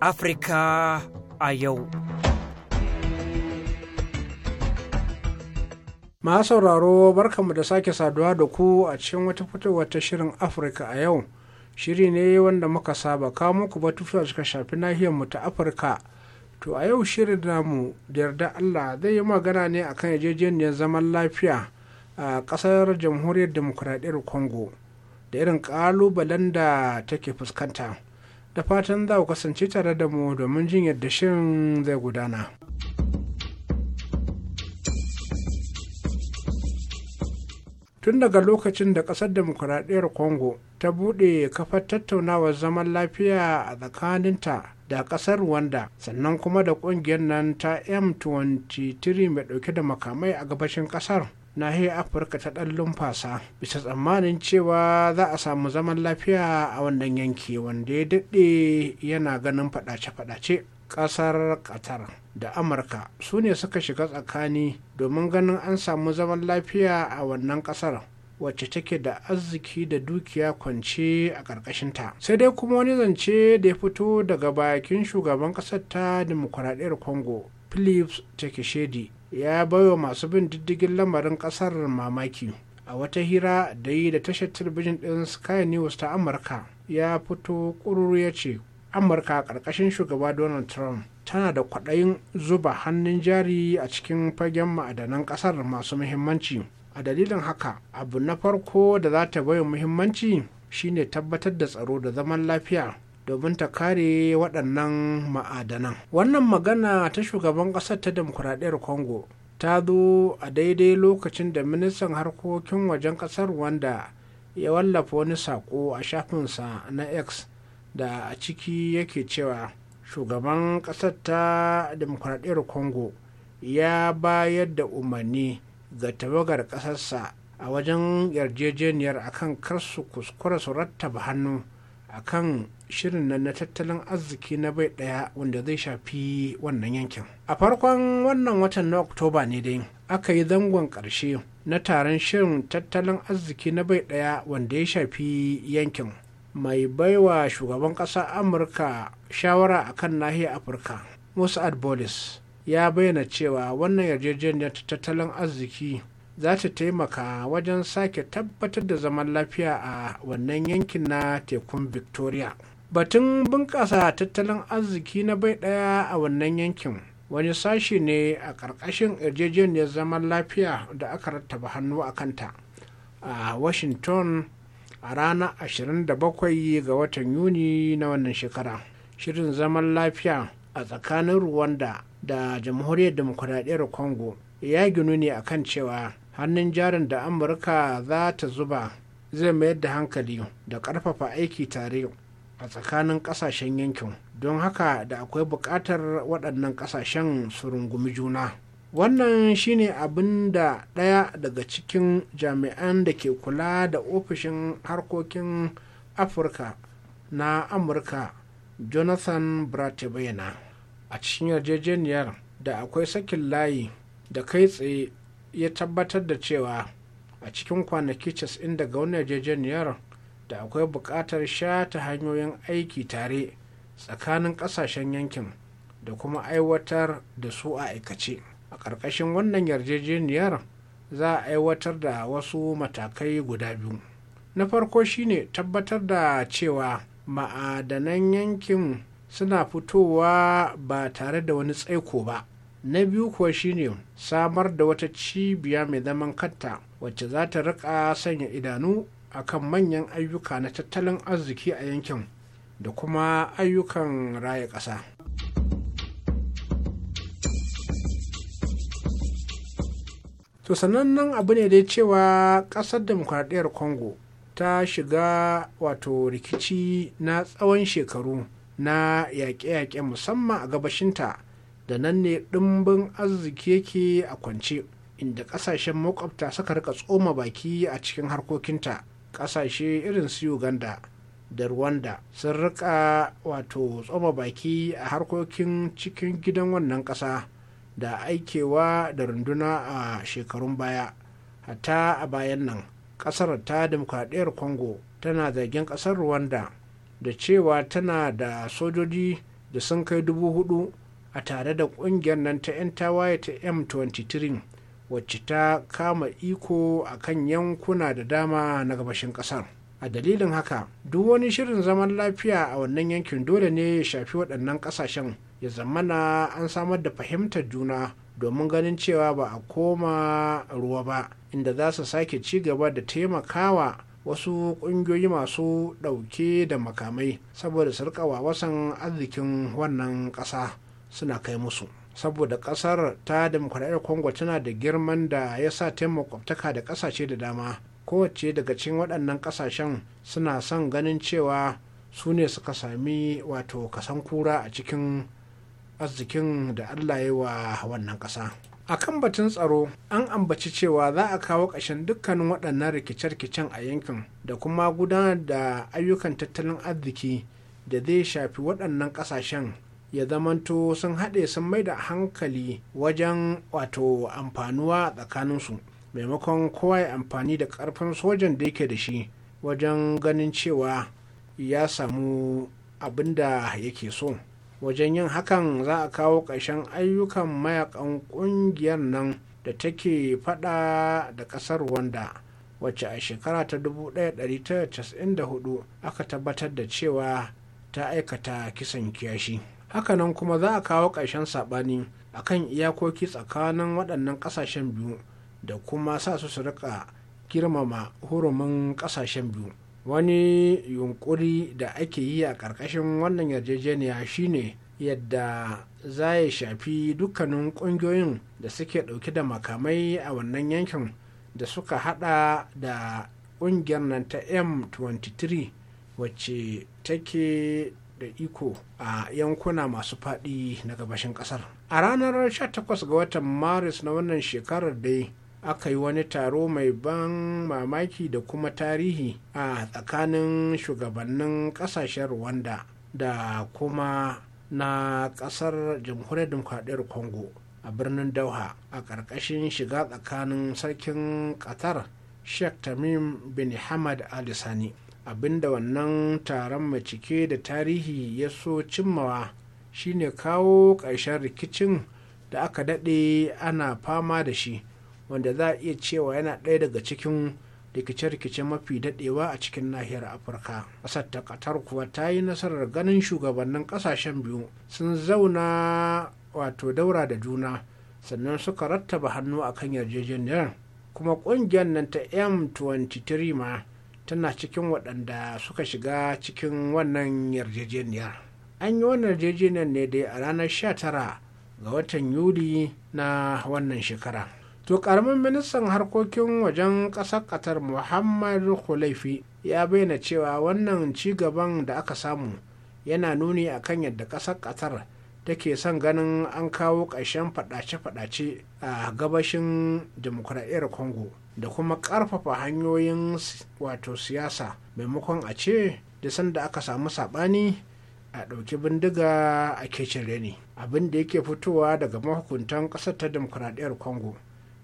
Afirka a yau. Ma sauraro barkanmu da sake saduwa da ku a cikin wata fitowa ta shirin Afirka a yau. Shiri ne wanda muka saba kawo muku batutuwa suka shafi nahiyarmu ta Afirka. To a yau shirin namu da yarda Allah zai yi magana ne akan yajejeniyar zaman lafiya a ƙasar jamhuriyar demokuraɗiyar Congo da irin ƙalubalen da take fuskanta. da fatan za ku kasance tare da mu domin jin yadda shirin zai gudana. Tun daga lokacin da ƙasar demokuraɗiyar Congo ta buɗe kafar tattaunawar zaman lafiya a tsakaninta da ƙasar Rwanda sannan kuma da ƙungiyar nan ta M23 mai ɗauke da makamai a gabashin ƙasar. nahiyar afirka ta ɗan lumfasa bisa tsammanin cewa za a samu zaman lafiya a wannan yanki wanda ya daɗe yana ganin faɗace-faɗace ƙasar qatar da amurka su ne suka shiga tsakani domin ganin an samu zaman lafiya a wannan ƙasar wacce take da arziki da dukiya kwance a ƙarƙashinta sai dai kuma wani zance da ya fito daga bakin shugaban ƙasar ta dimokuraɗiyar congo philips shedi ya baiwa masu bin diddigin lamarin kasar mamaki a wata hira da yi da tashar talabijin ɗin sky news ta amurka ya fito ƙururu ya ce amurka ƙarƙashin shugaba donald trump tana da kwaɗayin zuba hannun jari a cikin fagen ma'adanan ƙasar masu muhimmanci a dalilin haka abu na farko da za ta baiwa muhimmanci shine tabbatar da tsaro da zaman lafiya domin ta kare waɗannan ma'adanan wannan magana ta shugaban ƙasar ta demokuraɗiyar congo ta zo a daidai lokacin da ministan harkokin wajen ƙasar wanda ya wallafa wani saƙo a shafinsa na x da a ciki yake cewa shugaban ƙasar ta demokuraɗiyar congo ya bayar da umarni ga tabagar ƙasarsa a wajen yarjejeniyar akan kar su kuskura su rattaba hannu akan shirin nan na tattalin arziki na bai daya wanda zai shafi wannan yankin a farkon wannan watan na oktoba ne dai aka yi zangon ƙarshe na taron shirin tattalin arziki na bai daya wanda ya shafi yankin mai baiwa shugaban ƙasa amurka shawara a kan nahiyar afirka musa'ad bolis ya bayyana cewa wannan yarjejeniyar tattalin arziki za ta taimaka wajen sake tabbatar da zaman lafiya a wannan yankin na tekun victoria batun bunƙasa tattalin arziki na bai ɗaya a wannan yankin wani sashe ne a ƙarƙashin yarjejeniyar zaman lafiya da aka rattaba hannu a kanta a washington a ranar 27 ga watan yuni na wannan shekara shirin zaman lafiya a tsakanin rwanda da jamhuriyar demokuraɗiyar congo ya ginu ne akan cewa hannun jarin da amurka za ta zuba zai mayar da hankali da ƙarfafa aiki tare a tsakanin kasashen yankin don haka da akwai bukatar waɗannan kasashen su rungumi juna wannan shine abin da ɗaya daga cikin jami'an da ke kula da ofishin harkokin afirka na amurka jonathan bayyana a cikin yarjejeniyar da akwai sakin layi da kai tsaye ya tabbatar da cewa a cikin kwanaki 90 daga wani yarjejeniyar da akwai buƙatar sha ta hanyoyin aiki tare tsakanin ƙasashen yankin da kuma aiwatar da su a aikace a ƙarƙashin wannan yarjejeniyar za a aiwatar da wasu matakai guda biyu na farko shine tabbatar da cewa ma'adanan yankin suna fitowa ba tare da wani tsaiko ba na biyu kuwa shine samar da wata cibiya mai zaman kanta wacce za ta rika sanya idanu akan manyan ayyuka na tattalin arziki a yankin da kuma ayyukan raya ƙasa. to sanannen abu ne dai cewa ƙasar demokradiyyar congo ta shiga wato rikici na tsawon shekaru na yaƙe-yaƙe musamman a gabashinta da nan ne ɗimbin arziki yake a kwance inda ƙasashen makwabta suka rika tsoma baki a cikin harkokinta kasashe irin su uganda da rwanda sun rika wato tsoma baki a harkokin cikin gidan wannan kasa da aikewa da runduna a shekarun baya hatta a bayan nan kasar ta demokradiyyar congo tana zargin kasar rwanda da cewa tana da sojoji da sun kai dubu hudu a tare da kungiyar nan ta 'yan tawaye ta m23 wacce ta kama iko a kan yankuna da dama na gabashin kasar a dalilin haka duk wani shirin zaman lafiya a wannan yankin dole ne ya shafi waɗannan ƙasashen ya zamana an samar da fahimtar juna domin ganin cewa ba a koma ruwa ba inda za su sake ci gaba da taimakawa wasu ƙungiyoyi masu ɗauke da makamai saboda su wasan arzikin wannan ƙasa suna kai musu. saboda kasar ta demokuraɗiyar congo tana da girman da ya sa makwabtaka da ƙasashe da dama kowace daga cikin waɗannan ƙasashen suna son ganin cewa su ne suka sami wato kasan kura a cikin arzikin da allah ya wa wannan ƙasa a kan batun tsaro an ambaci cewa za a kawo ƙashin dukkanin waɗannan rikice-rikicen a yankin da kuma gudanar da ayyukan tattalin arziki da zai shafi waɗannan ƙasashen ya zamanto sun haɗe sun mai da hankali wajen wato amfanuwa tsakaninsu maimakon kowa ya amfani da ƙarfin sojan da yake da shi wajen ganin cewa ya samu abin da yake so wajen yin hakan za a kawo ƙarshen ayyukan mayakan ƙungiyar nan da take fada da ƙasar wanda wacce a shekara ta 1994 aka tabbatar da cewa ta aikata kisan kiyashi. hakanan kuma za a kawo ƙarshen saɓani a kan iyakoki tsakanin waɗannan ƙasashen biyu da kuma sa su su rika girmama hurumin ƙasashen biyu wani yunkuri da ake yi a ƙarƙashin wannan yarjejeniya shine yadda za ya shafi dukkanin ƙungiyoyin da suke ɗauke da makamai a wannan yankin da suka hada da ƙungiyar nan ta m23 wacce take da iko a yankuna masu faɗi na gabashin ƙasar a ranar 18 ga watan maris na wannan shekarar dai aka yi wani taro mai ban mamaki da kuma tarihi a tsakanin shugabannin ƙasashen rwanda da kuma na ƙasar jamhuriyar demokradiyyar congo a birnin dauha a ƙarƙashin shiga tsakanin sarkin qatar sheikh tamim bin hamad al-sani abinda wannan taron mai cike da tarihi ya so cimmawa shine kawo ƙarshen rikicin da aka daɗe ana fama da shi wanda za a iya cewa yana ɗaya daga cikin rikice-rikice mafi daɗewa a cikin nahiyar afirka ƙasar ta ƙatar kuwa ta yi nasarar ganin shugabannin ƙasashen biyu sun zauna wato daura da juna sannan suka rattaba hannu a kan yarjejeniyar kuma ƙungiyar nan ta m23 ma tana cikin waɗanda suka shiga cikin wannan yarjejeniyar an yi wannan yarjejeniyar ne dai a ranar sha-tara ga watan yuli na wannan shekara to ƙaramin ministan harkokin wajen ƙasar ƙatar muhammad khulaifi ya bayyana cewa wannan ci gaban da aka samu yana nuni a kan yadda ƙasar ƙatar take son ganin an kawo ƙarshen faɗace-faɗace a gabashin demokuraɗiyar congo da kuma ƙarfafa hanyoyin wato siyasa maimakon a ce da sanda aka samu saɓani a ɗauki bindiga a kecin reni abin da yake fitowa daga mahukuntan ƙasar ta demokuraɗiyar congo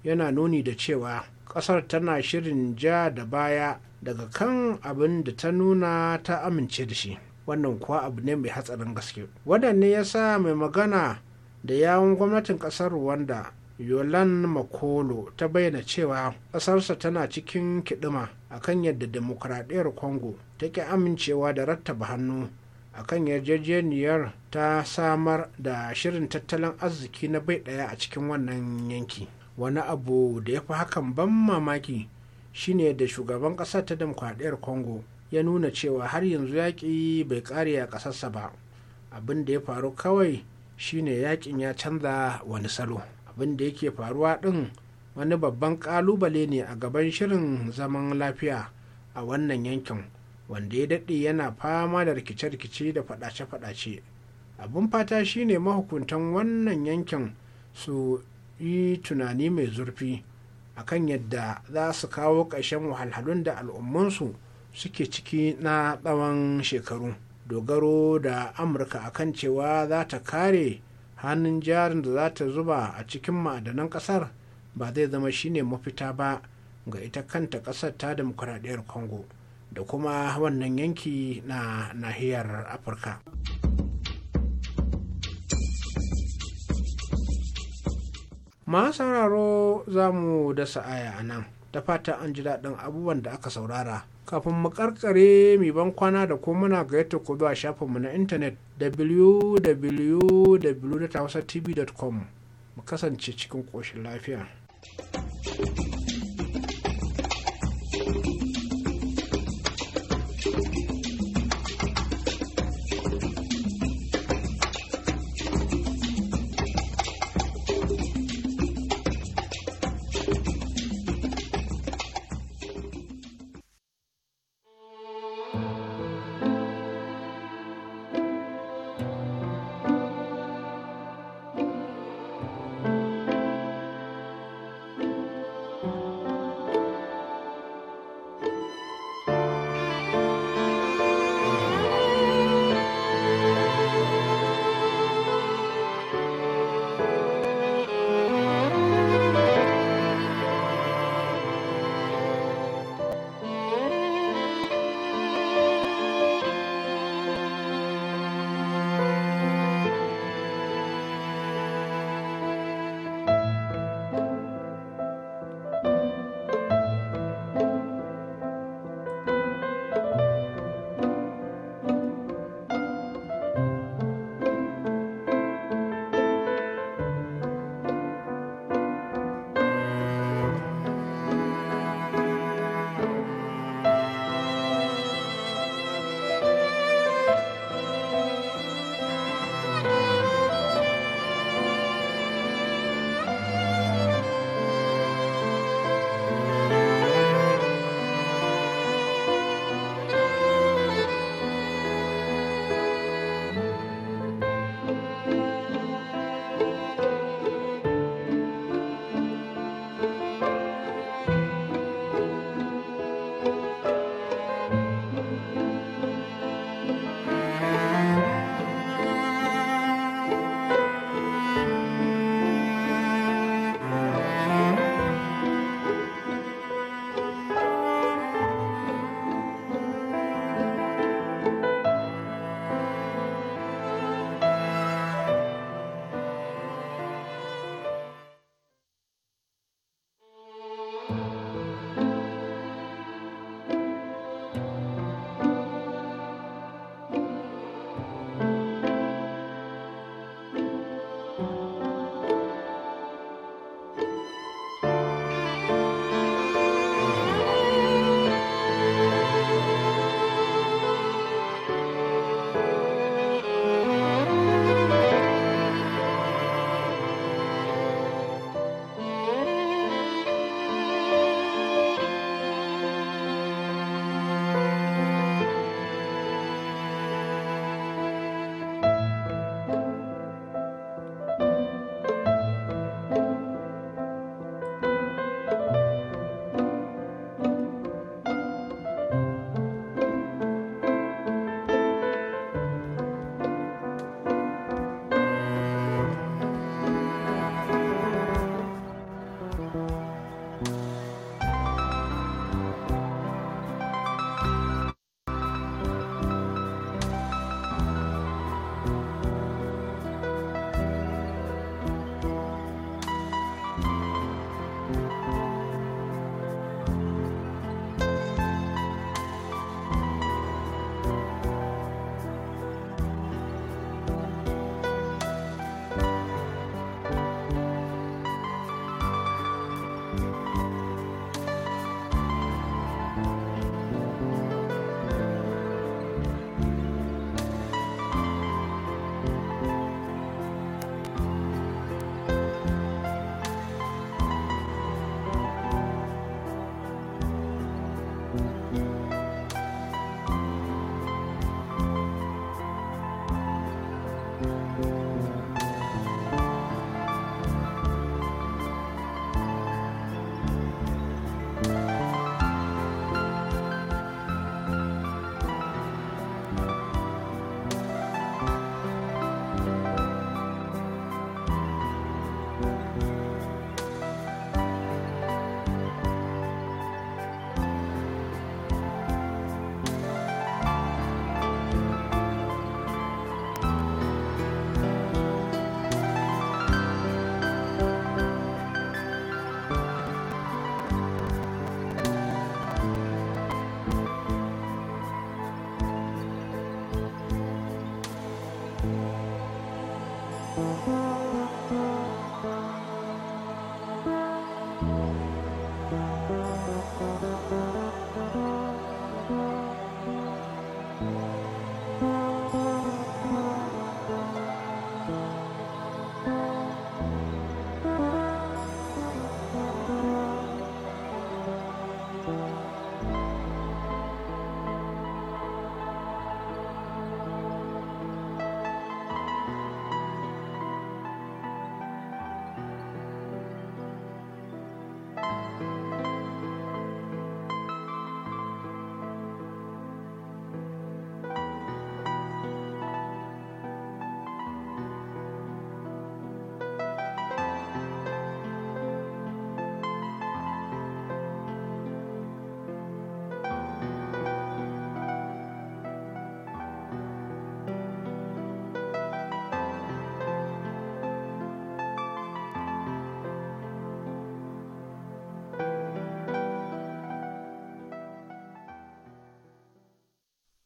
yana nuni da cewa ƙasar tana shirin ja da baya daga kan abin da ta nuna ta amince da shi wannan kuwa abu ne mai hatsarin gaske waɗanne ya sa mai magana da yawon gwamnatin ƙasar rwanda yolan makolo ta bayyana cewa ƙasarsa tana cikin kiɗima akan yadda demokradiyyar congo ta ƙi amincewa da rattaba hannu akan yarjejeniyar ta samar da shirin tattalin arziki na bai ɗaya a cikin wannan yanki wani abu da ya fi hakan ban mamaki shine da shugaban ƙasa ta demokradiyyar congo ya nuna cewa har yanzu yaƙi bai ƙare a ƙasarsa ba abin da ya faru kawai shine yaƙin ya canza wani salo abin da yake faruwa ɗin wani babban ƙalubale ne a gaban shirin zaman lafiya a wannan yankin wanda ya daɗe yana fama da rikice-rikice da faɗace-faɗace abin fata shine mahukuntan wannan yankin su yi tunani mai zurfi akan yadda za su kawo ƙarshen wahalhalun da al'ummansu suke ciki na tsawon shekaru dogaro da amurka akan cewa za ta kare hannun jarin da za ta zuba a cikin ma'adanan kasar ba zai zama shine mafita ba ga ita kanta kasar ta demokuraɗiyar congo da kuma wannan yanki na nahiyar afirka masu sauraro za mu dasa aya a nan da fata an ji daɗin abubuwan da aka saurara kafin mu karkare mai ban kwana da ko muna gayyata ku zuwa shafinmu na intanet www.hausatv.com mu kasance cikin ƙoshin lafiya. thank you